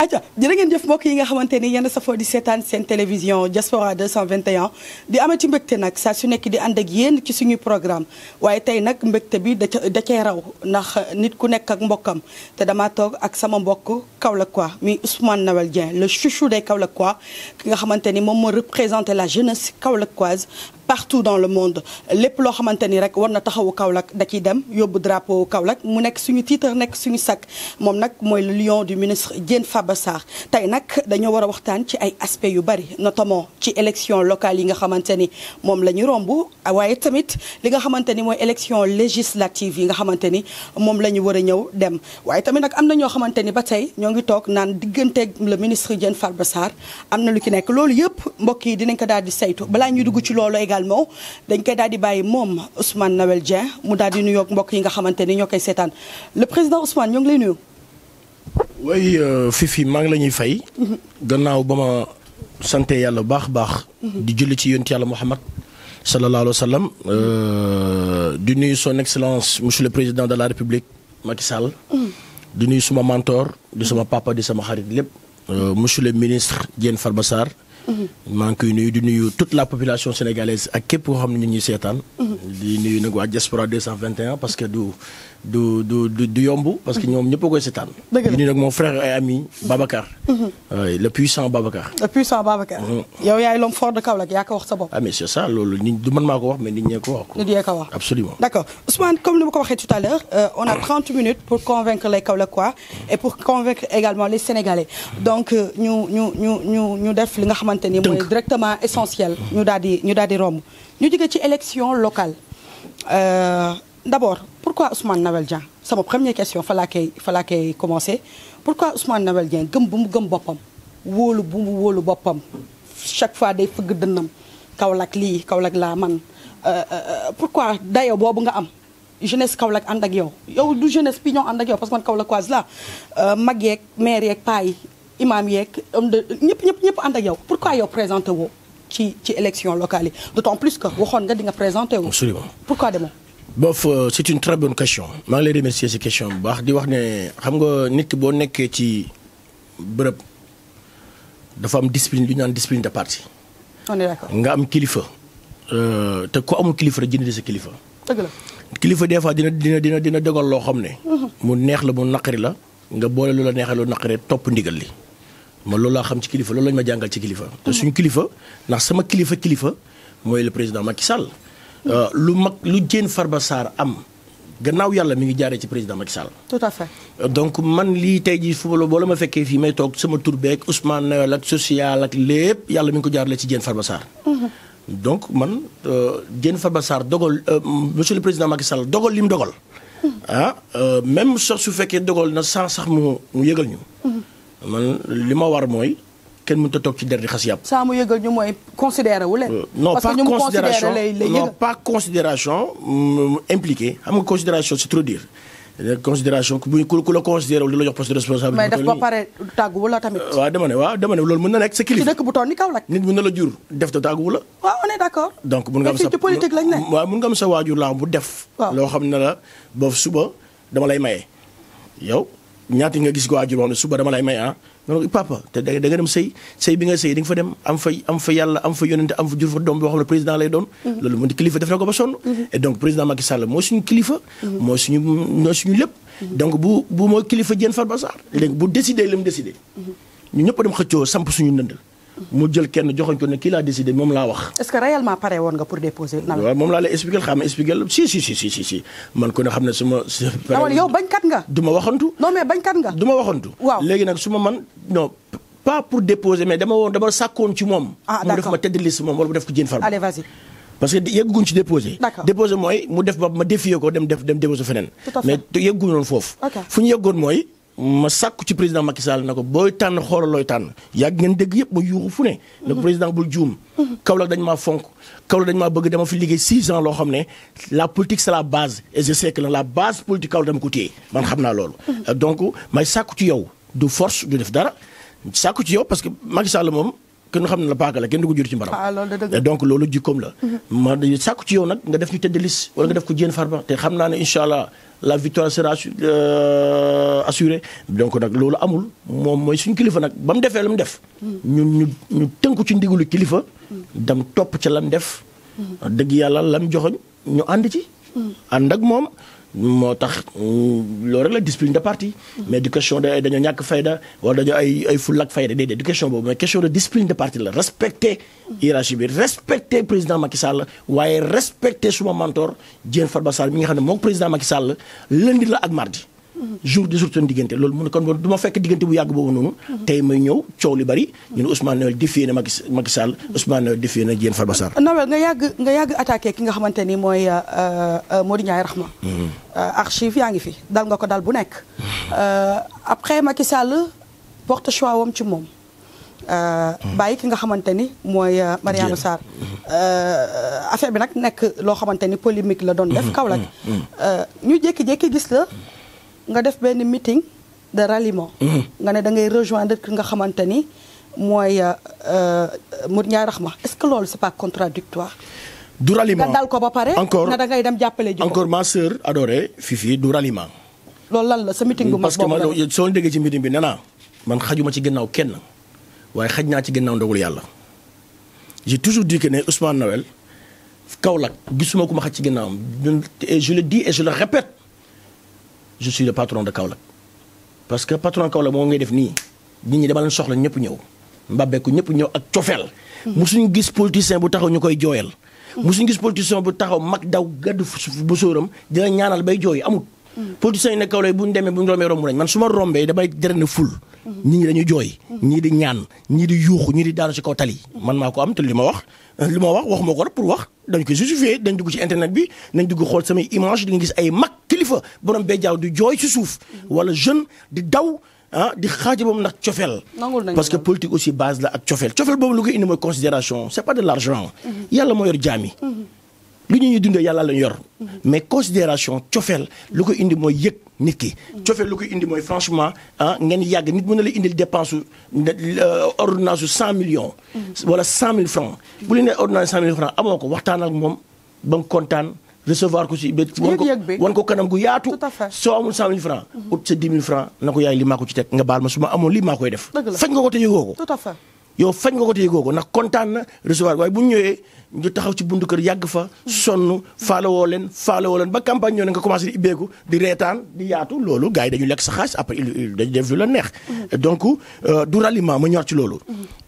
aja jërë ngeen jëf mbokk yi nga xamante ni yéen safoo di seetaan seen télévision Diaspora 221 di amati mbégte nag saa su nekk di ànd ak yéen ci suñuy programme waaye tey nag mbégte bi da da cay raw ndax nit ku nekk ak mbokkam te dama toog ak sama mbokk Kaolackois mi Ousmane Noël Dieng le chouchou des Kaolackois ki nga xamante ni moom moo représenté la jeunesse kaolackoise partout dans le monde lépp loo xamante ni rek war na taxawu Kaolack da ciy dem yóbbu drapeau Kaolack mu nekk suñu titre nekk suñu sac moom nag mooy le lion du ministre Diène Farba Sarr tey nag dañoo war a waxtaan ci ay aspect yu bari notamment ci élection locale yi nga xamante ni moom la ñu romb waaye tamit li nga xamante ni mooy élection législative yi nga xamante ni moom la ñu war a ñëw dem waaye tamit nag am na ñoo xamante ni ba tey ñoo ngi toog naan digganteeg le ministre Diène Farba Sarr am na lu ci nekk loolu yëpp mbokk yi dinañ ko daal di saytu balaa ñuy également dañ koy daal di bàyyi moom Ousmane Noël Dieng mu daal di nuyoog mbokk yi nga xamante ni ñoo koy seetaan le président Ousmane ñoo ngi lay nuyu. way euh, Fifi maa ngi la ñuy fay. Mhm. gannaaw ba ma sante yàlla baax baax. Mhm. di julli ci yonent yàlla Muhammad sallallahu alayhi wa sallam euh, di nuyu son excellence monsieur le président de la république Macky Sall. Mhm. di nuyu suma mentor di sama papa di sama xarit lépp. Euh, monsieur le ministre Diène Farba Sarr maa ngi nuyu di nuyu toute la population sénégalaise ak képp koo xam ne seetaan. Mhm. di nuyu nag waa diaspora 221 parce que du. du du du yomb parce que ñoom ñëpp a koy seetaan. dëgg la ñu nag mon frère et ami Babacar. Mm-hmm. le puissant Babacar. le puissant Babacar. Mm-hmm. yow yaay l'homme fort de Kaolack yaa ko wax sa bopp. ah mais c'est ça loolu du man maa ko wax mais nit ñee ko wax. nit ñee ko wax absolument. d'accord Ousmane comme ni ma ko waxee tout à l'heure euh, on a 30 minutes pour convaincre les Kaolackois et pour convaincre également les Sénégalais donc euh, ñu ñu ñu ñu ñu def li nga xamante ni mooy directement essentiel. ñu daal di ñu daal di romb ñu jóge ci élection locale. Euh, d'abord pourquoi Ousmane Noël Dieng sama première question fa laa koy fa laa koy commencer pourquoi Ousmane Noël Dieng gëm bu mu gëm boppam woolu bu mu wóolu boppam chaque fois day fëgg dënnam Kaolack lii Kaolack laa man euh, euh, euh, pourquoi dayo boobu nga am jeunesse Kaolack ànd ak yow yow du jeunesse pignon ànd ak yow parce que man Kaolackoise la mag yeeg maire yeeg paa yi imaam yeeg homme de ñëpp ñëpp ñëpp ànd yow pourquoi yow présenté woo ci ci élection locale yi d'autant plus que waxoon nga di nga présenté woo pourquoi demoo bof euh, c'est une très bonne question maa ngi lay remercier si question baax di wax ne xam nga nit boo nekkee ci bërëb dafa am discipline lu ñu naan discipline de parti. on nga am kilifa. Euh, te ku amul kilifa jënd jëndi sa kilifa. dëgg la kilifa des fois dina dina dina dina dogal loo xam ne. Mhm. mu neex la mu naqari la nga boole lu la neexee lu naqari topp ndigal li. ma loolu laa xam ci kilifa loolu lañ ma jàngal ci kilifa. te suñu kilifa ndax sama kilifa kilifa mooy le président Macky Sall. Euh, lu mag lu Diène Farba Sarr am gannaaw yàlla mi ngi jaaree ci président Macky Sall. tout à fait. Euh, donc man lii tey jii football boo la ma fekkee fii may toog sama tur beeg Ousmane Noël ak social ak lépp yàlla mi ngi ko jaarale ci Diène Farba Sarr. Mm-hmm. donc man Diène euh, Farba Sarr dogal monsieur le président Macky Sall dogal li mu dogal. Mm-hmm. ah même sax su fekkee dogal na sans sax mu mu yëgal ñu. Mm-hmm. man li ma war mooy. kenn mënut a ci der di xas yàpp. saa mu yëgal ñu mooy considéré wu leen. Euh, non pas considération non pas considération impliqué nga considération c'est trop dur. Euh, considération bu ku ku la considéré di la jox poste de responsable. la tamit. Euh, waaw dama ne waaw loolu mën na nekk sa kilifa. ci dëkk bu toll ni Kaolack. nit mën na la jur def te tàgguwu la. waaw on est d'accord. donc mën nga am sa waajur laa bu def. loo xam ne la boobu suba dama lay maye. yow ñaati nga gis ko waajur boo ne suba dama lay maye ah noonu papa te da nga dem sëy sëy bi nga sëy di fa dem am fa am fa yàlla am fa yonente am fa jur fa doom boo xam ne président lay doon mhm. loolu mu di kilifa def na ko ba sonn mhm. et donc président Macky Sall mooy suñu kilifa mhm. mooy suñu mooy lépp donc bu bu mooy kilifa Diène Farba Sarr léegi bu décidé li mu décidé ñu ñëpp dem xëccoo samp suñu ndëndal mu jël kenn joxoñ ko ne kii laa décidé moom laa wax. est-ce que réellement pare woon nga pour déposer. nawet waaw moom laa lay expliqué xam nga si si si man ko xam ne su ma. dawal yow bañkat nga. du ma waxantu. léegi nag su ma man pas pour déposer mais dama woon dama sàkkoon ci moom. ah d'accord mu def ma tête de moom wala mu def ko Diène Farba. allez vas-y. parce que yegguñ ci déposé. d'accord déposé mooy mu def ba ma défier ko dem def dem déposé feneen. mais yegguñu woon foofu. fu ñu yeggoon mooy. ma sàkku ci président Macky Sall na ko booy tànn xoolal tànn yàgg ngeen dégg yëpp ma yuuxu fu ne na ko bul juum Kaolack dañ maa fonk Kaolack dañ maa bëgg dama fi liggéey 6 ans loo xam ne la politique c'est la base et je sais que la base politique Kaolack dama ko téye man xam naa loolu donc may sàkku ci yow du force du def dara sàkku ci yow parce que Macky Sall moom kenn xam ne la paaka la kenn du ko jur ci mbaram ah, donc loolu jikkoom la mhm. ma sàkku ci yow nag nga def ñu tëdd liste wala nga def ko jéen farba te xam naa ne incha allah la victoire sera euh, assurée donc nag loolu amul moom mooy suñu kilifa nag ba mu defee la mu def mhm. ñu ñu tënku ci ndigalu kilifa mhm. dem topp ca lam def dëgg yàlla lam joxoñ ñu ànd ci ànd ak moom moo tax loolu rek la discipline de parti. mais du question de ay dañoo ñàkk fayda wala dañoo ay ay fulak fayda déedéet du question boobu mais question de discipline de parti la respecter hiérarchie bi respecter président Macky Sall waaye respecter suma mentor Diène Farba Sall mi nga xam ne moom président Macky Sall lundi la ak mardi. jour di jour seen diggante loolu mu ne kon du ma fekk diggante bu yàgg boobu noonu tey may ñëw coow li bari ñu ne Ousmane Noël défié na Macky Macky Sall nga yàgg nga yàgg attaqué ki nga xamante ni mooy Modou Ndiaye a archive yaa ngi fi dal nga ko dal bu nekk euh, après Macky Sall porte choix wam ci moom euh, bàyyi ki nga xamante ni mooy euh, Mariama Sarr affaire bi nag nekk loo xamante ni polémique la doon def mm-hmm. Kaolack mm-hmm. ñu jékki-jékki gis la nga def benn meeting de ralliement. Mhm. nga ne da ngay rejoindre ki nga xamante ni mooy euh, euh, Mounirou ma est-ce que loolu c'est pas contradictoire du ralliement nga dal ko ba pare. encore na da ngay dem jàppale ji encore ma sœur du ralliement. loolu lan la sa meeting bu mag parce que soo déggee ci meeting bi nee man xajuma ci gannaaw kenn waaye xaj naa ci gannaaw ndogul yàlla. j'ai toujours dit que ne Ousmane Noël Kaolack gisuma ku ma xaj ci gannaawam je le dis et je le répète. je suis le patron de Kaolack parce que patron Kaolack moom ngay def nii nit ñi dama leen soxla ñëpp ñëw mbàbbeeku ñëpp ñëw ak cofeel hmm. musuñu gis politicien bu taxaw ñu koy jooyal hmm. musuñu gis politicien bu taxaw mag daw gàddu bu sóoram dina ñaanal bay jooy amut hmm. politiciens yi ne Kaolack bu ñu demee bu ñu rombee romb nañ man su ma rombee damay drene ful nit ñi dañu jooy ñii di ñaan ñii di yuuxu ñii di daanu si kaw tali man maa ko am te li ma wax li ma wax waxuma ko rek pour wax dañ ko justifié dañ dugg ci internet bi nañ dugg xool samay image di nga gis ay mag kilifa borom jaaw di jooy ci suuf wala jeune di daw ah di xaajabam nag cofeel parce que politique aussi base la ak cofeel cofeel boobu lu koy indi mooy considération c'est pas de l'argent mhm. yàlla moo yor jaam lu ñu ñuy dundee yàlla lañ yor mais considération cofeel lu ko indi mooy yëg nit ki cofeel lu ko indi mooy franchement ah ngeen yàgg nit mën na la indi dépense su euh, ordonnance su cent millions wala cent mille francs bu leen nee ordonnance cent mille francs amoo ko waxtaan moom ba mu kontaan recevoir ko si wan ko kanam gu yaatu soo amul cent mille francs na ko yaay li maa ci teg nga baal ma su amoon lii maa def fañ nga ko te yëgoo ko yow fañ nga ko te yëgoo ko ndax kontaan na recevoir waaye bu ñu ñëwee ñu taxaw ci buntu kër yàgg fa sonn faalawoo leen faalawoo leen ba campagne ñoo nga commencé di di reetaan di yaatu loolu gars yi dañu lekk sa xaalis après il dañu def lu la neex donc euh, du ralliement ma ñor ci loolu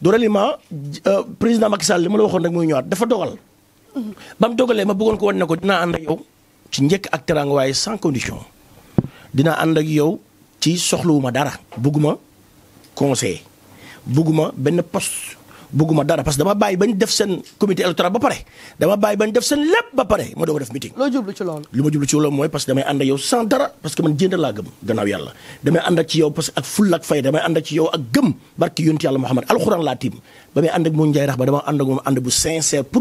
du ralliement euh, président Macky Sall li ma la waxoon rek muy ñëwaat dafa dogal ba mu dogalee ma bëggoon ko wan ne ko dina ànd ak yow ci njëkk ak teraanga waaye sans condition dinaa ànd ak yow ci soxlawuma dara bëgguma conseil bugguma benn poste bugguma dara parce que dama bàyyi bañ def seen comité électoral ba pare dama bàyyi bañ def seen lépp ba pare ma doog a def meeting. loo jublu ci loolu. li ma jublu ci loolu mooy parce que damay ànd ak yow sans dara parce que man jënd laa gëm gannaaw yàlla damay ànd ak ci yow parce que ak fulla ak fay damay ànd ak ci yow ak gëm barki yonti yàlla Muhammad alxuraan laa tiim ba may ànd ak moom Ndiaye rax ba dama ànd ak moom ànd bu sincère pour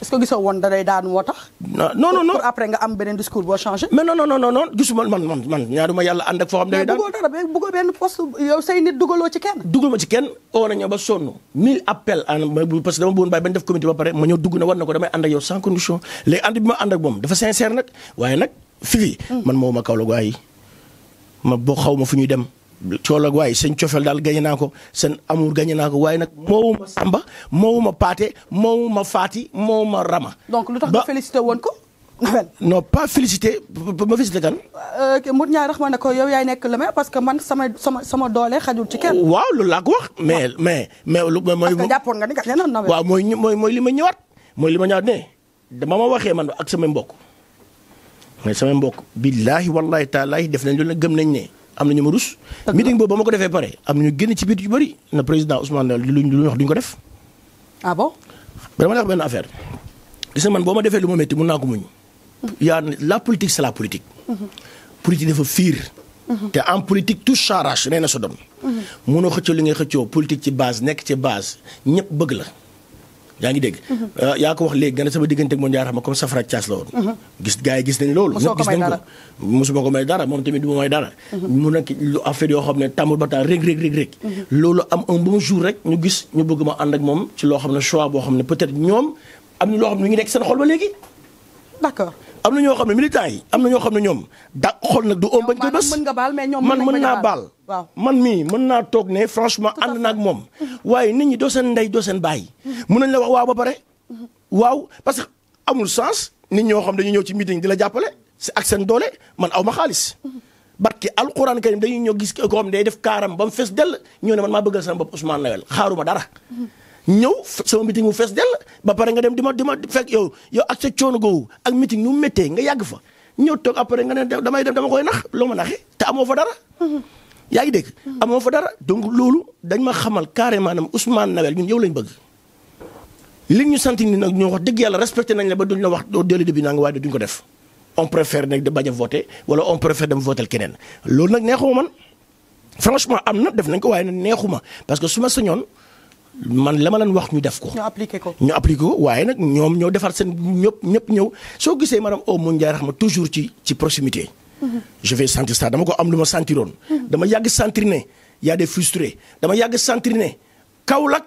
est-ce que gisoo woon da daan moo tax. non non non pour am beneen discours boo changé. mais non non non non gisuma man man man ñaanuma yàlla ànd ak foo xam. day daan mais bëggoo dara bëggoo benn poste yow say nit dugaloo ci kenn. dugal ma ci kenn oo nañu ba sonn. mille appels parce que dama bëggoon bàyyi ba ñu def comité ba pare ma ñëw dugg na war na ko damay ànd ak yow sans condition léegi ànd bi ma ànd ak moom dafa sincère nag waaye nag fii. Hmm. man moo ma kaw la gaa ma boo xaw ma fu ñuy dem. cool ak waaye seen cofeel daal gañe naa ko seen amour gañe naa ko waaye nag moowuma Samba moo moowuma Paate moo moowuma Faati moowuma Rama. donc lu tax nga félicité woon ko. non pas félicité ma félicité kan. Euh, Modou Ndiaye rax ma ne ko yow yaay nekk le maire parce que man sama sama sama doole xajul ci kenn. waaw loolu laa wax. mais mais mais lu mooy. parce que jàppoon nga ni kat yeneen mooy mooy mooy li ma ñëwaat mooy li ma ñëwaat ne dama ma waxee man ak sama mbokk mais sama mbokk billaahi wallaahi taalaahi def nañ lu ne gëm nañ ne. am na ñu ma rus. meeting boobu ba ma ko defee pare am na ñu génn ci biir yu bëri na président Ousmane lu ñu duñ ko def. ah bon. dama benn affaire gis nga man boo ma defee lu ma métti mun naa ko muñ. Mhm. yaa la politique c'est la politique. Mhm. politique dafa fiir. Mhm. te en politique tout s'arrache nee na sa doon. munoo xëccoo li ngay xëccoo politique ci base nekk ci base ñëpp bëgg la. yaa ngi dégg. Mhm. yaa ko wax léegi nga ne sama diggante ak Mondial Rahma comme safara caas la woon. Mhm. gis gars yi gis nañ loolu. mosoo ko ko may dara moom tamit du ma may dara. Mhm. mu nekk lu affaire yoo xam ne tàmbali ba taa rek rek rek. loolu am un bon jour rek ñu gis ñu bëgg ma ànd ak moom ci loo xam ne choix boo xam ne peut ñoom am na loo xam ne ñu nekk seen xol ba léegi. am na ñoo xam ne militant yi am na ñoo xam ne ñoom da xol nag du om bañ koy bés man mën naa baal man mii mën naa toog ne franchement ànd naa ak moom waaye nit ñi doo seen ndey doo seen bàyyi mën mm-hmm. nañ la wax waaw ba pare waaw parce que amul sens nit ñoo xam dañuy ñëw ci meeting di la jàppale si ak seen doole man aw ma xaalis mm-hmm. barke alquran karim dañuy ñëw gis ko xam day def kaaram ba mu fees dell ñoo ne man maa bëggal sama bopp Ousmane Noël xaaruma dara mm-hmm. ñëw sama meeting mu fees dell ba pare nga dem di ma di fekk yow yow ak sa coono googu ak meeting nu mu méttee nga yàgg fa ñëw toog après nga ne damay dem dama koy nax loo ma naxee te amoo fa dara. yaa ngi dégg. amoo fa dara donc loolu dañ ma xamal carrément ne Ousmane Noël ñun yow lañ bëgg. li ñu sant ni nag ñoo wax dëgg yàlla respecté nañ la ba duñ la wax doo dellu bi naa nga waaye duñ ko def on préfère nag bañ a voter wala on préfère dem voter keneen loolu nag neexuma man franchement am na def nañ ko waaye neexuma parce que su ma sañoon man lama ma wax ñu def ko. ñu appliqué ko ñu appliqué ko waaye nag ñoom ñoo defar seen ñëpp ñëpp ñëw soo gisee maanaam au mondial xam toujours ci ci proximité. Mm-hmm. je vais sentir dama ko am lu ma sentiroon. Mm-hmm. dama yàgg sentir ne y a des frustrés dama yàgg sentir ne Kaolack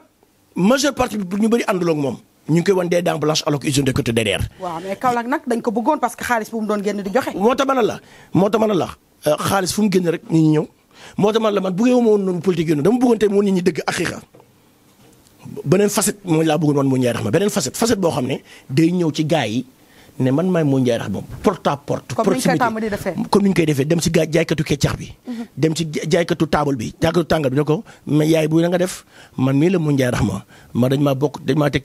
majeure partie bi pour ñu bëri ànduloo ak moom. ñu koy wan des dents blanches alors que usine de côté derrière. waaw mais Kaolack nag dañ ko bëggoon parce que xaalis bu mu doon génn di joxe. moo tax ma ne la moo ne la euh, xaalis fu mu génn rek nit ñi ñëw moo tax ma ne la man bëggee woon noonu politique yi dama bëggoon tey moo ñi dëgg ak beneen facette mooy laa bëggoon wan mu ñeerax ma beneen facette facette boo xam ne day ñëw ci gaa yi. ne man maay moo njaay rax moom porte à porte proximité comme ni ñu koy defee dem si gaa jaaykatu keccax bi mhm. dem si jaaykatu taabal bi jaaykatu tàngal bi ne ko mais yaay bu nga def man mii la moo njaay rax ma ma dañ maa bokk dañ maa teg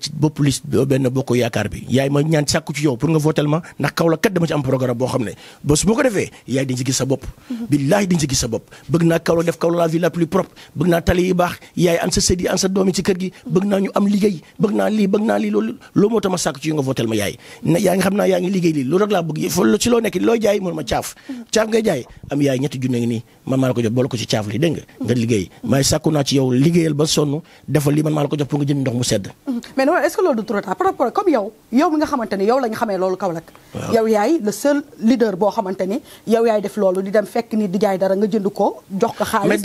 ba su ma ko defee yaay dañ si gis sa bopp mhm. billaahi dañ si sa bopp bëgg naa kaw la def kaw la la ville la plus propre bëgg naa tali baax yaay an sa sët an sa doom yi kër gi bëgg naa ñu am liggéey bëgg naa lii bëgg naa lii loolu moo tax ma ci yow nga votel naa yaa ngi liggéey lii loolu rek laa bëgg ci loo nekk looy jaay mun ma caaf mm. caaf ngay jaay am yaay ñetti junne ngi nii man maa la ko jox boole ko ci caaf li dégg nga mm. liggéey maay sàkku ci yow liggéeyal ba sonn defal li man maa la ko jox mm. ko xaalis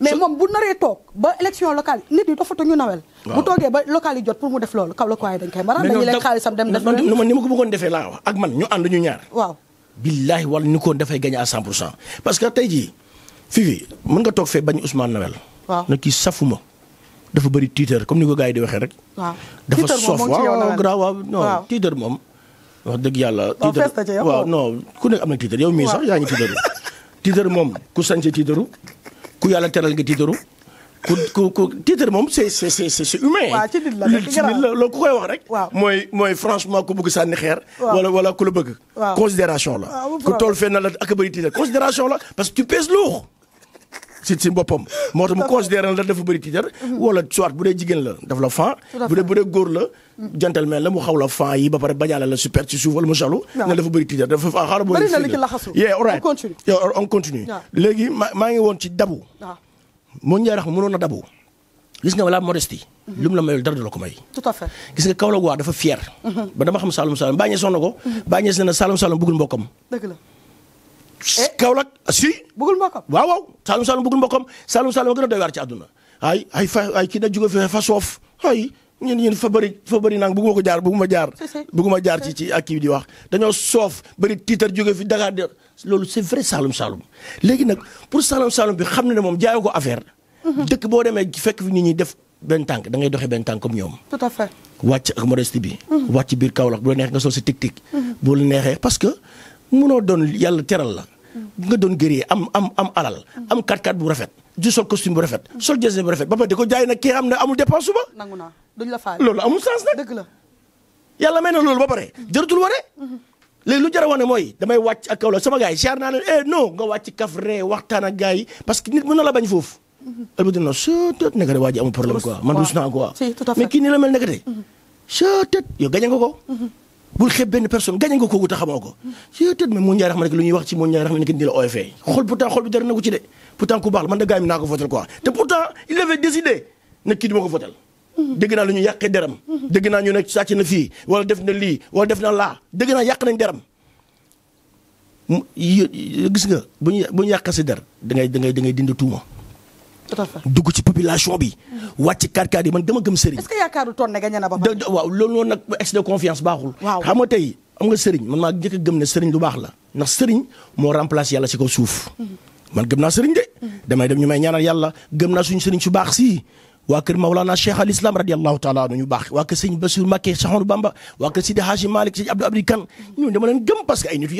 mais moom bu naree toog ba élection locale nit yi dafa ñu nawel bu toogee ba local yi jot pour mu def loolu kaw la ko waaye dañ koy mbaral dañu leen xaalisam dem def lu ni ma ko bëggoon defee laa wax ak man ñu ànd ñu ñaar billaahi wala ni koon dafay gagné à 100 pour cent parce que tey ji fii fii mën nga toog fee bañ Ousmane Noël waaw na kii safuma dafa bëri tiitar comme ni ko gars yi di waxee rek dafa soof waaw graaw waaw moom wax dëgg yàlla tiitar waaw non ku nekk am na tiitar yow mii sax yaa ngi tiitaru tiitar moom ku sañse tiitaru ku yàlla teral nga tiitaru ku ku moom c'est c'est c'est humain. ko koy wax rek. waaw mooy mooy franchement ku bëgg sànni xeer. wala wala ku la bëgg. waaw considération la. ku toll fenn la ak bëri titre considération la parce que tu pèses lourd. si boppam moo tax mu considéré la def bëri titre mhm. wala soit bu dee jigéen la daf la fan bu dee bu dee góor la gentleman la mu xaw la fan yi ba pare bañaale la super ci suuf wala mu salu nga dafa bëri titre dafa xaw la bëri yee all right on continue léegi maa ngi woon ci dabu ah. moo Ndiaye Rakhma mënoon a dabu gis nga wala modestie. Mhm. lu mu la mayul dara du la ko may. tout à fait mhm. ba dama xam Saloum Saloum bàññee sonn ko. bàññee si ne Saloum Saloum bëggul mbokkam. dëgg la. Eh? Kaolack ah, si. waaw waaw Saloum Saloum bëggul mbokkam Saloum Saloum a gën a doy waar ci àdduna ay ay fa ay kii da jóge fi fa soof ay. ñun ñun fa bëri fa bëri nang bëgguma ko jaar bëgguma jaar bëgguma jaar ci ci ak kii di wax dañoo soof bari tiitar jóge fi Dakar de loolu c'est vrai Saloum Saloum léegi nag pour Saloum Saloum bi xam ne ne moom jaayoo ko affaire mhm. dëkk boo demee fekk fi nit ñi def benn tànk dangay doxe benn tànk comme ñoom tout à fait wàcc ak modestie bi mhm. wàcc biir Kaolack bu la neexee nga sol si tig-tig mhm. bu la neexee parce que munoo doon yàlla teral la nga doon gëree am am am alal am kat bu rafet di sol costume bu rafet sol jersey bu rafet ba pare di ko jaay nag kii xam ne amul dépense suba. nangu naa duñ la faale loolu amul sens nag. dëgg la yàlla may loolu ba pare jëratul wane. le lu jar a wane mooy damay wàcc ak kaw la sama gars yi siyaar naa leen eh non nga wàcc kaf ree waxtaan a gars yi parce que nit mën na la bañ foofu. ëllëg dina sëtët nekk de waa amul problème quoi man rus naa quoi. mais kii nii la mel nekk de mhm. sëtët yow gañe ko. Mhm. bul xeeb benn personne gañe nga ko te xamoo ko ci tët mais mu njaay rax ma nekk lu ñuy wax ci mu njaay rax ma nekk di la OFA xol pourtant xol bi dara na ko ci de pourtant ku baax la man da gars yi naa ko votal quoi te pourtant il avait décidé ne kii du ko votal dégg naa lu ñu yàqee deram dégg naa ñu ne sàcc na fii wala def na lii wala def na laa dégg naa yàq nañ deram gis nga bu ñu bu ñu yàqee si der da ngay da da ngay dindi tuuma dugg ci population bi. wàcc kàddu yi man dama gëm sëriñ. est-ce que yaakaaru na ba pare. waaw de confiance baaxul. waaw tey am nga sëriñ man maa njëkk a gëm ne sëriñ lu baax la. ndax sëriñ moo remplacé yàlla si kaw suuf. man gëm naa sëriñ de. damay dem ñu may ñaanal yàlla gëm naa suñu sëriñ su baax si. waa kër Maulana Cheikh al Islam radiyallahu taala ñu baax waa kër sëñ Bassirou Mbacké Saxoonu Bamba waa kër Sidi Hadji Malick sëñ Abdou Abdi Kane ñun dama leen gëm parce ay nitu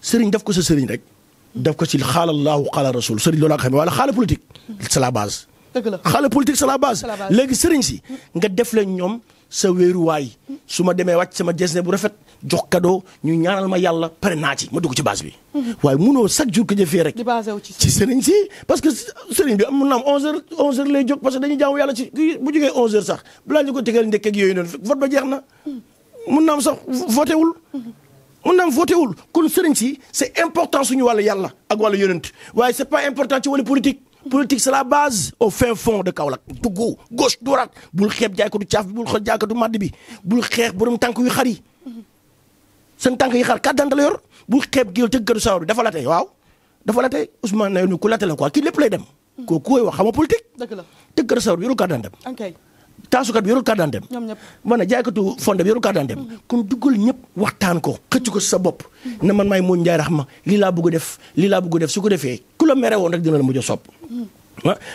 sëriñ def ko sa sëriñ rek def ko ci xaalallahu xaala rasul sëriñ loolu ak xam wala xaala politique c'est la base. dëgg la xaala politique c'est la base. léegi sëriñ si nga def leen ñoom sa wéeruwaay su ma demee wàcc sama jesne bu rafet jox cadeau ñu ñaanal ma yàlla pare naa ci ma dugg ci base bi. Mhm. waaye munoo chaque jour que jëfee rek. ci sëriñ si parce que sëriñ bi am na am 11h 11h lay jóg parce que dañuy jaamu yàlla ci bu jógee 11h sax balaa ñu ko tegal ndekk ak yooyu noonu vote ba jeex na mhm. na am sax voté wul. Mhm. mun naam voté wul kon sëriñ si c'est important suñu wàllu yàlla ak wàllu yonent waaye c'est pas important ci wàllu politique politique c'est la base au fin fon de Kaolack duggu gauche droite bul xeeb jaaykatu caaf bi bul xeeb jaaykatu màdd bi bul xeex borom tànk yu xar yi seen tànk yi xar kàddante la yor bul xeeb géew te gëdu sawar dafa late waaw dafa late Ousmane Nayouni ku late la quoi kii lépp lay dem hmm. kooku koy wax poli politique dëgg la te gëdu sawar bi yoru kàddante taasukat bi yorul carte d'identité am. ñoom ñëpp ma ne jaaykatu fonde bi yorul carte d'identité mm-hmm. ñëpp waxtaan ko. xëcc ko sa bopp. Mm-hmm. na man maay Modou Ndiaye ma lii laa bëgg def lii laa bëgg def su ko defee ku la mere woon rek dina la mujj a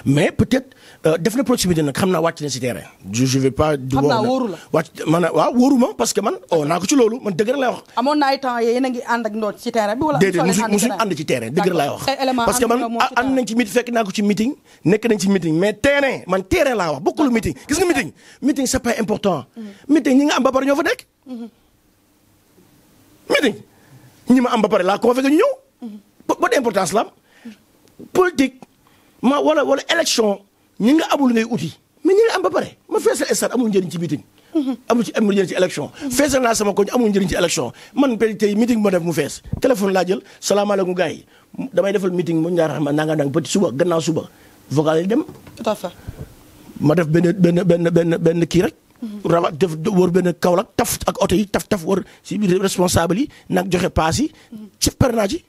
mais peut-être euh, def na proximité nag xam na wàcc na si terrain. je je vais pas. du xam la wàcc man waaw wóoru ma parce que man oo oh, naa ko ci loolu man dëgg la lay wax. amoon na ay temps yéen a la lay wax. parce que man ànd nañ ci meeting fekk naa ko meeting. nekk nañ ci meeting mais terrain man terrain laa wax bokkul meeting gis nga meeting. meeting c'est pas important. Mm-hmm. meeting ñi nga am ba ñoo fa nekk. Mm-hmm. meeting ñi ma am ba laa ko fekk ñu ñëw. Mm-hmm. ba d'importance la politique ma wala wala election ñi nga amul ngay uti mais ñi nga am ba pare ma feesal stade amul njëriñ ci meeting. amul ci amul njëriñ ci élection. feesal naa sama ko amul njëriñ ci élection man tey tey meeting bi ma def mu fees téléphone laa jël salaamaaleykum gars yi damay defal meeting mu ñaar ma naa nga naan petit suba gannaaw suba vocal dem. tout ma def benn benn benn benn benn kii rek. rawa def wër benn Kaolack taf ak oto yi taf taf wër si responsable yi nag joxe paas yi. ci per naa ci.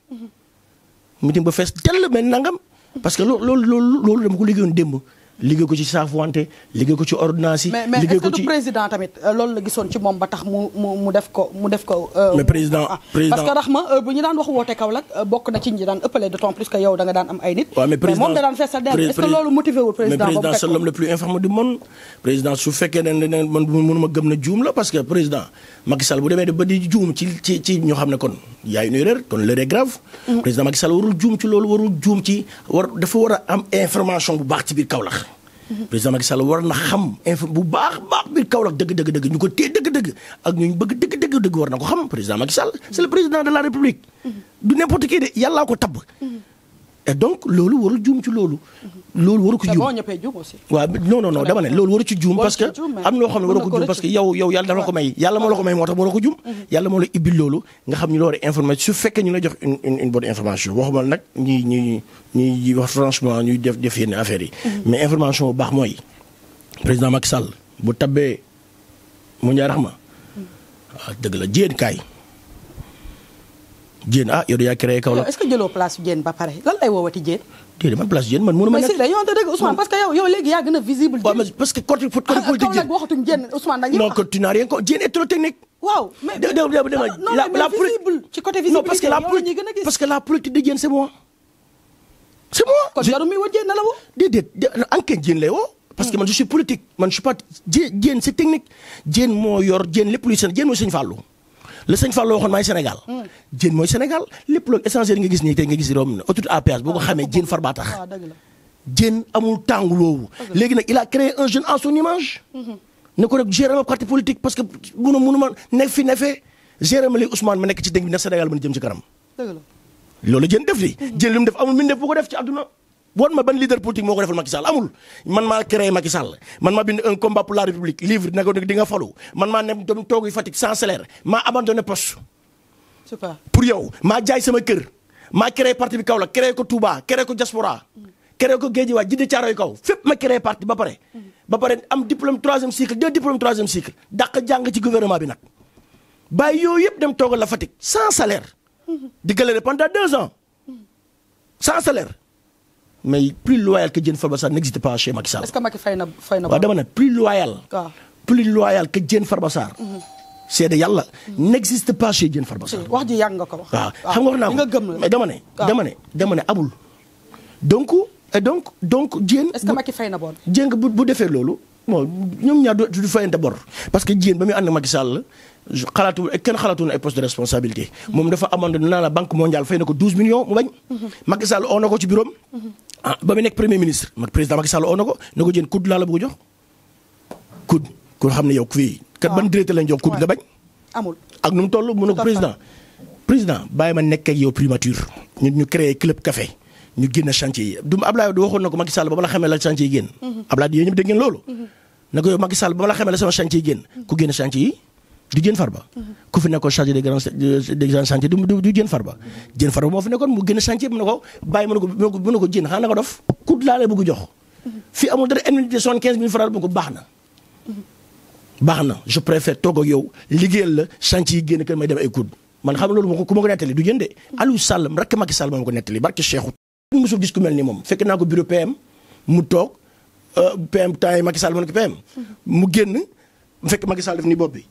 meeting ba fees dell mel nangam. parce que loolu loolu loolu dama ko liggéeyoon démb liggéey ko ci saafu wante liggéey ko ci ordonnance yi. liggéey ko ci mais mais est-ce que du président tamit euh, loolu la gisoon ci moom ba tax mu mu mu def ko mu def ko. Euh, mais président ah. président parce que Rahma euh, bu ñu daan wax woote Kaolack bokk na ci ñi daan ëppale d'autant plus que yow da nga daan am ay nit. waaw mais président moom da daan fees sa est-ce que loolu motivé wul président mais président c'est l'homme le plus informé du monde président su fekkee ne ne man mënuma gëm na juum la parce que président Macky Sall bu demee ba di juum ci ci ci ñoo xam ne kon y a une erreur kon l'erreur est grave. Mm-hmm. président Macky Sall warul juum ci loolu warul juum ci war dafa war a am information bu baax ci biir Kaolack président Macky Sall na xam info bu baax baax biir Kaolack dëgg dëgg dëgg ñu ko téye dëgg dëgg ak ñu ñu bëgg dëgg dëgg dëgg war na ko xam président Macky Sall c'est le président de la république. Mm-hmm. du n'importe qui de ko tabb. Mm-hmm. e donc loolu warul juum ci loolu. loolu waru ko juum waaw non non non dama ne loolu waru ci juum parce que am noo xam ne waru ko juum parce que yow yow yàlla dafa ko may yàlla moo la ko may moo tax waroo ko juum mhm. yàlla moo la ibbil loolu nga xam ñu loolu information su fekkee ñu la jox une une information waxuma nag ñuy ñuy ñuy wax franchement ñuy def def yenn affaires yi mhm. mais information bu baax mooy président Macky Sall bu tabbee mu ñaarax ma mhm. ah, dëgg la jéen kaay Diène ah yow yaa créé Kaolack. est-ce que ba pare lan lay woowati Diène. déedéet man place Diène man mënu ma nekk. a visible. waaw mais ko ah, Diène est technique. waaw mais de de de la la lay woo. parce que man je suis man je suis pas technique Diène moo yor Diène lépp luy seen Diène mooy Sëñ Fallou le sëñ Fall waxoon maay Sénégal mm. jën mooy Sénégal lépp loolu essentiel nga gis nii tey nga gis réew mi ne autoroute boo ko ah, xamee jën farbaa tax ah, jën amul tàngu loowu léegi nag il a créé un jeune à son image mm-hmm. ne ko ma parti politique parce que munu munu ma nekk fi ne fee gérer ma li Ousmane ma nekk ci dëng bi ndax Sénégal mën jëm ci kanam loolu jën def li mm-hmm. jën li mu def amul min def bu ko def ci àdduna wan ma ban leader politique moo ko defal Macky Sall amul man maa créé Macky Sall man maa bind un combat pour la république livre dina ko di nga falu man maa ne dem toogu Fatick sans salaire maa abandonné poste. pour yow maa jaay sama kër maa créé parti bi kaw Kaolack créé ko Touba créé ko Diaspora. créé ko Guédiawaye jidde Caaroy kaw fépp ma créé parti ba pare. ba pare am diplôme troisième cycle deux diplôme troisième cycle dàq jàng ci gouvernement bi nag bàyyi yooyu yëpp dem toogal la Fatick sans salaire. di galérer pendant deux ans sans salaire. mais plus loyal que Diène Farba Sall n'existe pas chez Macky Sall. est-ce que Macky fay waaw dama ne plus loyal. waaw plus loyal que Diène Farba mhm. yàlla n'existe pas chez Diène Farba Sall. wax ko wax. waaw xam nga wax naa ko nga gëm la mais abul. donc donc donc Diène. est-ce que fay na bon. Diène bu bu defee loolu. bon ñoom ñaar du du bor parce que Diène ba muy ànd Macky Sall xalaatu kenn xalaatu na ay poste de responsabilité. Mhm. moom dafa amoon naa la banque mondiale fay na ko 12 millions mu bañ. Mhm. Macky Sall oo na ko ci bureau ah ba mu nekk premier ministre man président Macky Sall oo na ko na ko jën kudd laa la bëgg jox kudd kon xam ne yow fii kat ban ah. directe lañ jox kudd nga bañ. ak nu mu toll mu ko président. président bàyyi ma nekk ak yow primature ñun ñu créé club café ñu génn chantier yi du Ablaye du waxoon na ko Macky na ko yow Macky ba ma la xamee la sama chantier yi génn mhm. mhm. mhm. ku génn chantier yi. du jën farba. ku fi nekkoon chargé des grands des grands chantiers du du jën farba. jën moo fi nekkoon mu gën a chantier mu ne ko bàyyi mën na ko mën na ko jën xanaa na ko dof ku laa lay bëgg jox. fii amul dara indemnité soixante-quinze mille francs bu baax na. baax na je préfère toog yow liggéeyal la chantier yi génn kër may dem ay coude man ko ku ma ko nettali du jën de. Aliou Sall rakk Macky Sall moo ko nettali barke Cheikhou. mu musul gis mel ni moom fekk naa ko bureau PM mu toog euh, PM temps mu nekk PM mu ni bopp bi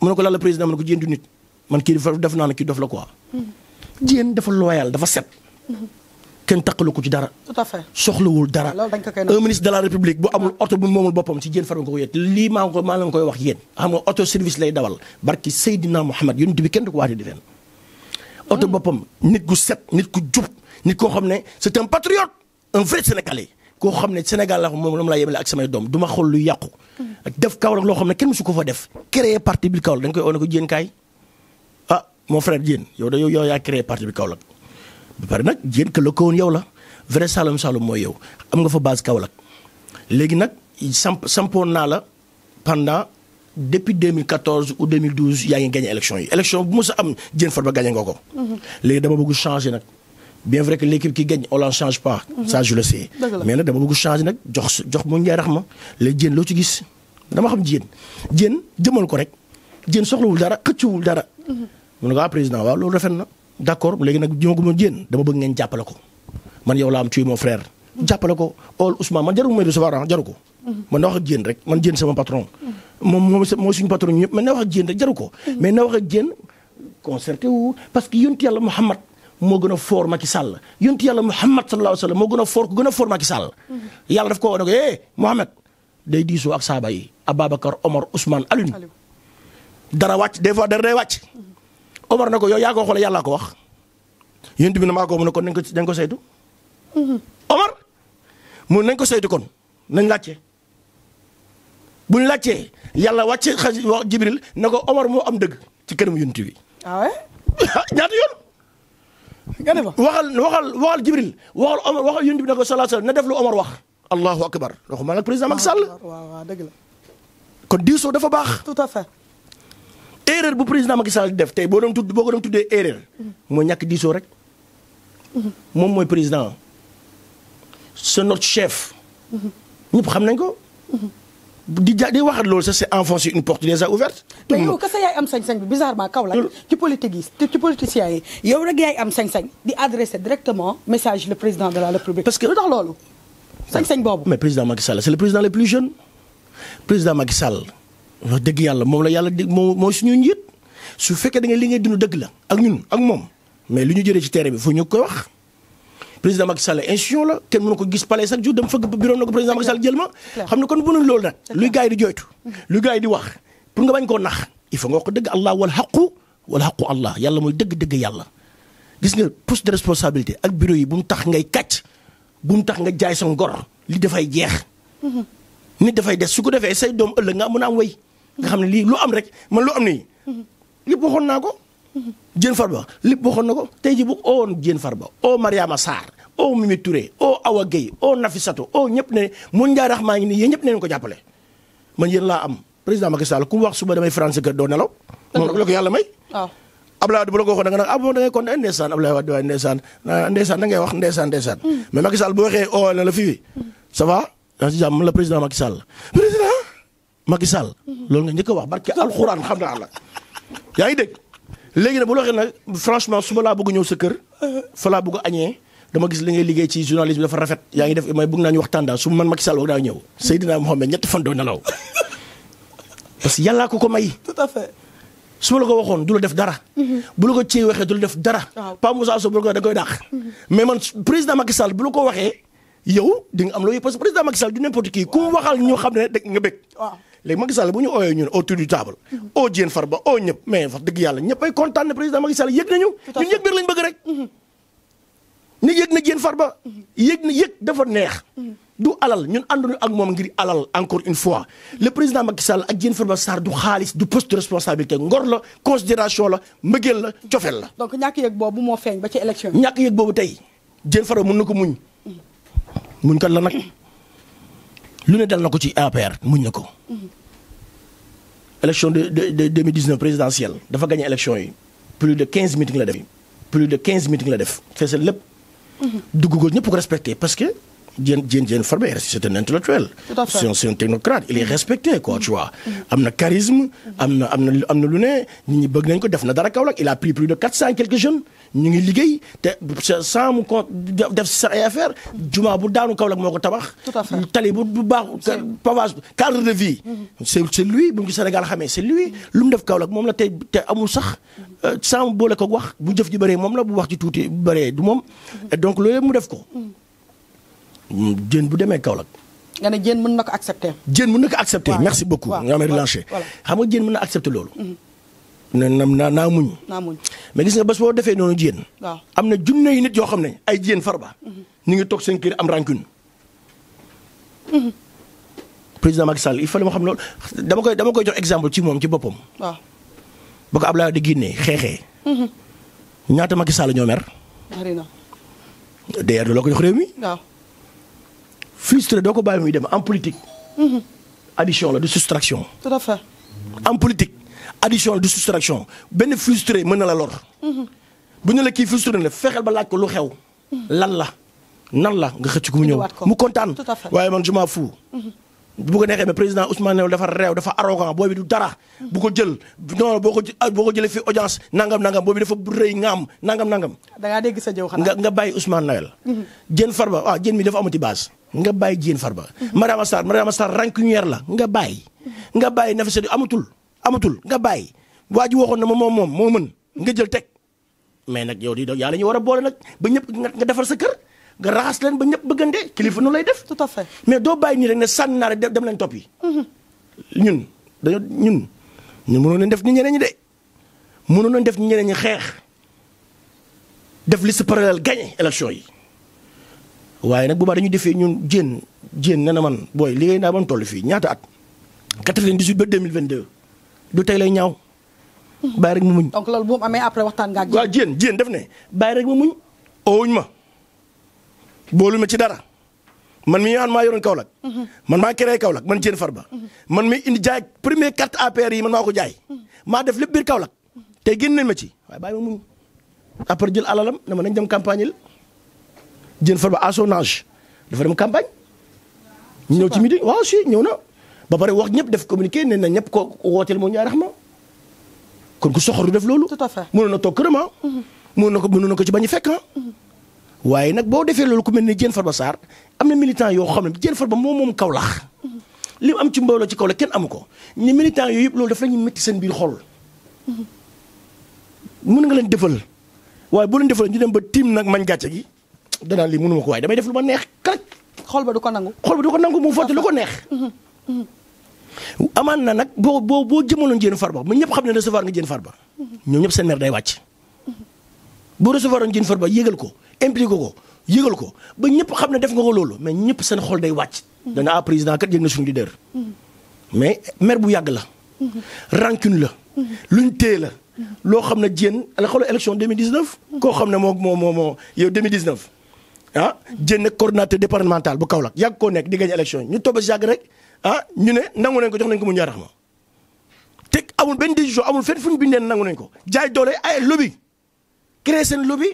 mu ne ko lan la président mu ne ko jigéen du nit man kii dafa def naa ne kii dof la quoi. jigéen dafa loyal dafa set. kenn takkalu ko ci dara. tout à soxlawul dara. un ministre de la république bu amul oto bu moomul boppam ci jën faral nga ko yéen. lii maa ko maa leen koy wax yéen. xam nga oto service lay dawal barki Seydina Mohamed yonent bi kenn du ko waatee di leen. oto boppam nit ku set nit ku jub nit koo xam ne c'est un patriote un vrai sénégalais. koo xam ne Sénégal la moom moom laa yemale ak samay doom du ma xool lu yàqu. def Kaolack loo xam ne kenn su ko fa def. créer parti bi Kaolack dañ koy oo ne ko jéen kaay ah mon frère jéen yow da yow yaa créer parti bi kawlak ba pare nag jéen ka la ko yow la vrai Saloum Saloum mooy yow am nga fa base Kaolack léegi nag samp sampoon naa la pendant depuis 2014 ou 2012 yaa ngi gagné élection yi élection bu mos a am jéen Farba gagné nga ko. Mhm. léegi dama bëgg changer nag. bien vrai que l'équipe qui gagne on la change pas. Mhm. ça je le sais. mais nag dama bëgg change nag jox mu njaay rax ma léegi jën loo ci gis dama xam jën jëmal ko rek jën soxlawul dara xëccuwul dara. Mhm. mu ne ah, na d' accord léegi nag ñëwaguma jën dama bëgg ngeen jàppale ko man yow laa am tuuti mon frère. Mhm. jàppale ko ol Ousmane man jarul may recevoir ah, jaru ko. man na wax ak jën rek man jën sama patron. moom mooy suñu patron ñëpp man na wax ak jën rek jaru ko. mais na wax ak jën concerté wu parce que yonent yàlla Muhammad moo gën a foor Macky Sall yonent yàlla Muhammad sallallahu alayhi wa sallam moo gën a foor ku gën a foor Macky Sall yàlla daf ko woo ne ko eh Mouhamed day diisoo ak saaba yi Ababacar Omar Ousmane Alioune dara wàcc des fois dara day wàcc Omar ne ko yow yaa ko xoole yàllaa ko wax yonent bi na maa ko mu ne nañ ko nañ ko saytu Omar mu nañ ko saytu kon nañ laajte buñ laajtee yàlla wàcce xa wax Jibril ne ko Omar moo am dëgg ci kanamu yonent bi ah ñaata yoon nga ne fa waxal waxal waxal Jibril waxal Omar waxal yonent bi ne ko sallallahu na def lu Omar wax. allahu akbar waxuma nag président Macky Sall. waaw waaw kon diisoo dafa baax. tout à fait. bu président Macky Sall def tey boo doon tudd boo ko doon tuddee erreur. mooy ñàkk diisoo rek. moom mooy président. c'est notre chef. ñëpp xam nañ ko. di ja di waxat loolu sax c'est enfoncer une porte déjà ouverte. te yow kese yaay am sañ-sañ bi bizarrement kaw la ci politique yi ci politiciens yi yow rek yaay am sañ-sañ di adresser directement message le président de la république. parce que lu tax loolu sañ-sañ boobu. mais président Macky Sall c'est le président le plus jeune président Macky Sall wax dëgg yàlla moom la yàlla di moom mooy suñu njiit su fekkee da li ngay dund dëgg la ak ñun ak moom mais lu ñu jëlee ci terrain bi fu ñu wax. président Macky Sall institution la kenn mënu ko gis palais chaque jour dem fëgg bureau na ko président Macky Sall jël ma. xam ne kon bu nu loolu nag. luy gars yi di jooytu. luy gars yi di wax pour nga bañ koo nax il faut nga wax ko dëgg allah wal xaqu wal xaqu allah yàlla mooy dëgg-dëgg yàlla. gis nga poste de responsabilité ak bureau yi bu mu tax ngay kàcc bu mu tax nga jaay sa ngor li dafay jeex. Mhm. nit dafay des su ko defee say doom ëllëg nga mën a am way nga xam ne lii lu am rek man lu am nii. Mhm. yëpp waxoon naa ko. Diène Farba lépp waxoon na ko tey ji bu oowoon Diène Farba oo Mariama Sarr oo Mimi Touré oo Awa Guèye oo Nafisato oo ñëpp ne mun ngaa ax maa ngi nii yéen ñëpp nañu ko jàppale man yéen laa am président Macky Sall ku wax suba damay français kër doo nelaw moom la ko yàlla may waaw Abdoulaye Wade bu la ko waxoon da nga naan ah bon da ngay kontaan ndeysaan Abdoulaye Wade waaye ndeysaan ah, ndeysaan da wax ndeysaan ndeysaan hmm. mais Macky Sall bu oo na la fii ça va dans la président Macky Sall président Macky hmm. loolu nga njëkk wax barke alxuraan xam naa la yaa ngi dégg léegi nag bu loxee nag franchement su ma laa bëgg ñëw sa kër fa laa bëgg añee dama gis li ngay liggéey ci journalisme dafa rafet yaa ngi def may bëgg naa ñu waxtaan daal su ma man Macky Sall war naa ñëw Seydina Mohamed ñetti fan doo nelaw parce que yàllaa ko ko may tout su ma la ko waxoon du la def dara mm-hmm. bu la ko ci waxee du la def dara Pa Moussa Sow bu la ko da koy dàq mm-hmm. mais man président Macky Sall bu la ko waxee yow di nga am loo parce que président Macky Sall du n'importe qui ku waxal ñu xam ne dëgg nga bëgg léegi Macky Sall bu ñu ooyee ñun autour du table mhm. oo Diène Farba oo ñëpp mais wax dëgg yàlla ñëpp ay kontaan ne président Macky Sall yëg nañu ñun yëg biir lañ bëgg rek mhm. ni yëg na Diène Farba mhm. yëg yëg dafa neex du alal ñun ànduñu ak moom ngir alal encore une fois le président Macky Sall ak Diène Farba saar du xaalis du poste de responsabilité ngor la considération la mbëggeel la cofeel la. donc ñàkk yëg boobu moo feeñ ba ci élection ñàkk yëg boobu tey Diène Farba mën na ko muñ. muñ la nag. lu ne dal na ko ci APR muñ na ko. élection de de de 2019 présidentielle dafa gagné élection yi plus de 15 meeting la def. plus de 15 meeting la def feesal lépp. Mhm. dugg ko ñëpp ko respecté parce que. Diène Diène Diène Farba c'est un intellectuel. tout à fait c'est un technocrate il est mm-hmm. mm-hmm. Mm-hmm. am na charisme am na am am na lu ne ñu ñi bëgg nañ ko def na dara Kaolack il a pris plus de quatre cent quelques jeunes ñu ngi liggéey te sans mu ko def sa ay affaire juma bu daanu Kaolack moo ko tabax. tout à fait tali bu bu baax pavage cadre de vie. c'est c'est lui bu ñu Sénégal xamee c'est lui lu mu def Kaolack moom la tey te amul sax euh, sam mu boole ko wax bu jëf ji bëree moom la bu wax ji tuuti bëree du moom donc loolu mu def ko. jën bu demee Kaolack. nga ne jën mën na ko accepter. jën mën na ko accepter merci beaucoup. nga amee relanché xam nga jën mën na accepter loolu. Mhm. na na naa muñ. naa muñ mais gis nga bés boo defee noonu jën. am na junne yi nit yoo xam ne ay jën ba mhm. ñu ngi toog seen kër am rancune. Mhm. président Macky Sall il fallait ma xam loolu dama koy dama koy jox exemple ci moom ci boppam. waaw ba ko Abdoulaye di génnee xeexee. ñaata Macky Sall ñoo mer. bari na. la ko jox réew mi. frustré doo ko bàyyi muy dem en politique. Mhm. addition la du soustraction. en politique addition la du soustraction benn frustré mën na la lor. Mhm. bu ñu kii frustré na la fexeel ba laaj ko lu xew. lan la nan la nga xëcc ku mu ñëw mu kontaan. waaye man je m'en fous. Mhm. bu ko neexee mais président Ousmane Noël dafa réew dafa arrogant boobi du dara. bu ko jël non boo ko ah, boo ko jëlee fii audience nangam nangam boobi dafa rëy ngaam nangam nangam. da ngaa dégg sa jëw xanaa nga nga bàyyi Ousmane Noël. jën farba waaw ah, jën mi dafa amati base. nga bàyyi far ba Diène Farba. Mariama Sarr Mariama Sarr rancunière la nga bàyyi. nga bàyyi Nafisa di amatul amatul nga bàyyi waa ji waxoon na ma moom moom moo mën nga jël teg mais nag yow di doon yàlla ñu war a boole nag ba ñëpp nga defar sa kër nga raxas leen ba ñëpp bëggante kilifa nu lay def. tout à fait mais doo bàyyi nii rek ne sànni naa rek dem leen topp yi. ñun dañoo ñun ñu mënoon leen def ni ñeneen ñi de mënoon leen def ni ñeneen ñi xeex def liste parallèle gagné élection yi. waaye nag boobaa ñu defee ñun jéen jéen ne na man booy liggéey naa ba mu toll fii ñaata at 98 ba 2022 du tey lay ñaaw. bàyyi rek mu muñ. donc loolu bu amee après waxtaan nga ak. waaw jéen def ne bàyyi rek mu muñ owuñ ma boolu ma ci dara man mi an maa yoroon Kaolack. Mhm. man maa créé Kaolack man jéen ba mhm. man mi indi jaay premier carte APR yi man maa ko jaay. Mhm. maa def lépp biir Kaolack. tey génn nañ ma ci waaye bàyyi mu muñ après jël alalam dama nañ dem campagne jën farba à son dafa dem campagne. ñu ñëw ci midi waaw si ñëw na. ba pare wax ñëpp def communiqué nee na ñëpp ko wooteel moo ñaarax ma kon ku soxor du def loolu. tout à na toog këram ah. Mhm. na ko mënoon na ko ci bañ a fekk ah. mhm. waaye nag boo defee loolu ku mel ni Diène Farba Sarr am na militant yoo xam ne Diène ba moom moom Kaolack. Mhm. li mu am ci la ci kaw la kenn amu ko ñi militant yooyu yëpp loolu dafa la ñuy métti seen biir xol. mën nga leen defal waaye boo leen defal ñu dem ba tiim nag man gàcce gi. danaan lii mënuma ko waaye damay def lu ma neex rek. xol ba du ko nangu. xol ba du ko nangu mu fàtte lu ko neex. amaan na nag boo boo boo jëmaloon Diène Farba ba ñëpp xam ne recevoir nga Diène Farba. ñoom ñëpp seen mer day wàcc. boo recevoir woon Diène Farba yëgal ko impliqué ko yégal ko ba ñëpp xam ne def nga ko loolu mais ñëpp seen xol day wàcc. dana ah président kat yëg na suñu mais mer bu yàgg la. rancune la. luñ téye la. loo xam ne Diène la xoolal élection 2019. koo xam ne moo moo moo yow 2019. ah jën nag coordonnateur départemental bu Kaolack yàgg koo nekk di gañ élection ñu toog ba si yàgg ah ñu ne nangu nañ ko jox nañ ko mu ñaarax ma te amul benn décision amul fenn fu ñu bindee nangu nañ ko jaay doole ay lobby créer seen lobby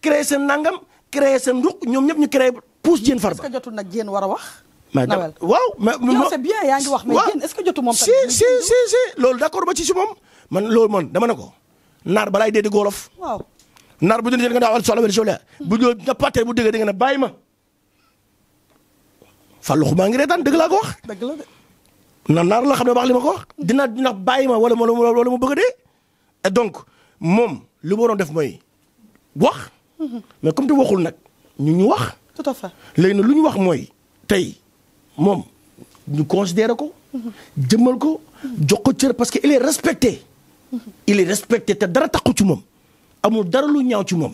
créer seen nangam créer seen ruq ñoom ñëpp ñu créer pousse jën farba. est nag jën war a wax. nawel waaw mais non c'est bien yaa wax. mais jën ce que jotul moom tamit. si si si si loolu d'accord ba ci si moom man loolu man dama ne ko naar balaay dee di góolof. waaw. nar bu jëlee nga ne wala soxla wala soxla bu ñëw nga pàttee bu ne bàyyi ma Fallou Xuma ngi reetaan dëgg laa ko wax. dëgg la de. na nar la xam ne baax li ma ko wax dina dina bàyyi ma wala ma wala ma bëgg a dee et donc moom lu mu waroon def mooy wax. mais comme te waxul nag ñu ñu wax. tout à léegi nag lu ñu wax mooy tey moom ñu considéré ko. jëmmal ko jox ko cër parce que il est respecté. il est respecté te dara taxu ci moom. amul dara lu ñaaw ci moom.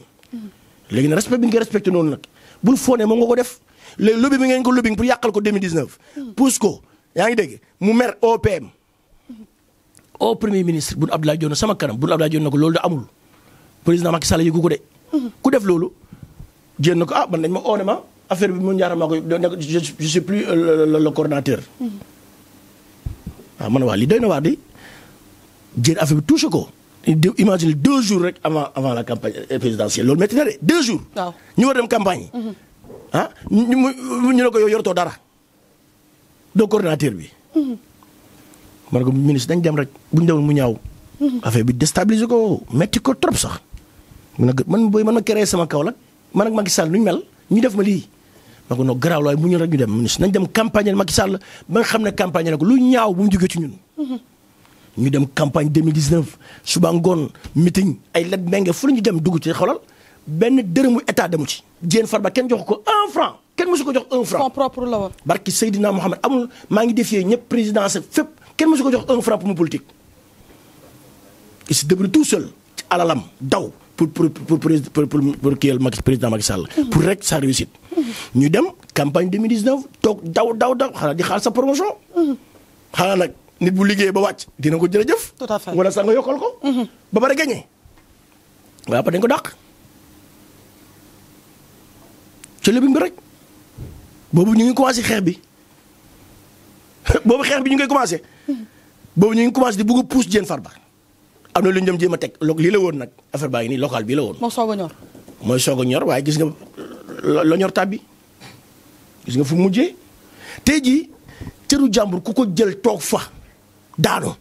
léegi nag respect bi nga respecté noonu nag bul foonee moom nga ko def léegi lobby bi ngeen ko lobby pour yàqal ko 2019. ko yaa ngi dégg mu mer OPM. au premier ministre Boun Abdallah Dionne sama kanam Boun Abdallah Dionne na ko loolu da amul président Macky Sall yëgu ko de. ku def loolu jéem na ko ah man dañ ma oo ma affaire bi mu ñaar maa ko je je suis plus euh, le coordonnateur. waaw mm-hmm. ah, man waa li doy na waa di jël affaire bi touché ko. imagine deux jours rek avant avant la campagne présidentielle loolu métti na de deux jours. waaw ñu war dem campagne yi. Mhm. ah ñu ne ko yow yortoo dara doo coordinateur bi. Mhm. ma ne ko ministre dañ dem rek bu ñu demoon mu ñaaw. Mhm. affaire bi déstabiliser ko métti ko trop sax. mu ne man booy man ma créé sama kaw la ak Macky Sall nu ñu mel ñu def ma lii. ma ko non garaaw la waaye bu ñu rek ñu dem ministre nañ dem campagne Macky Sall ba nga xam ne campagne la ko lu ñaaw bu mu jógee ci ñun. ñu dem campagne 2019 suba ngoon meeting ay let menge fu la ñu dem dugg ci xolal benn dërëmu état demu ci. far ba kenn jox ko un franc kenn mësu ko jox un franc. fonds propre la woon. barki Seydina Mohamed amul maa ngi défier ñëpp présidence ak fépp kenn mësu ko jox un franc pour mu politique. il se débrouille tout seul ci alalam daw pour pour pour pour pour kiyal Macky président Macky Sall. pour rek sa réussite. ñu dem campagne 2019 toog daw daw daw xanaa di xaar sa promotion. xanaa nag. nit bu liggéeyee ba wàcc dina ko jërëjëf. tout à fait wala sax ko. Mhm. ba pare gañee waaw ba dañ ko dàq. ci lëbiñ bi rek boobu ñu ngi commencé xeex bi boobu xeex bi ñu ngi commencé. Mhm. boobu ñu ngi commencé di bugg a pousse Diène Farba am na lu ñu dem jéem a teg lii la woon nag affaire baa ngi nii local bii la woon. moo soog a ñor. mooy soog a ñor waaye gis nga la ñor tàbbi gis nga fu mujjee tey ko jël toog fa. daanu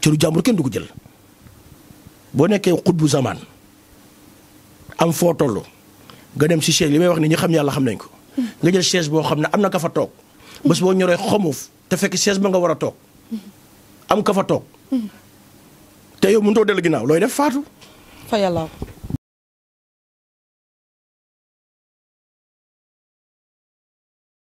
cëru jàmbur kenn du ko jël boo nekkee xutbu zamaan am foo toll nga dem si chaise li may wax ni ñu xam yàlla xam nañ ko nga jël chaise boo xam ne am na kafa fa toog bés boo ñoree xomuf te fekk chaise ba nga war a toog am ka fa toog te yow mënutoo dellu ginnaaw looy def faatu fa yàlla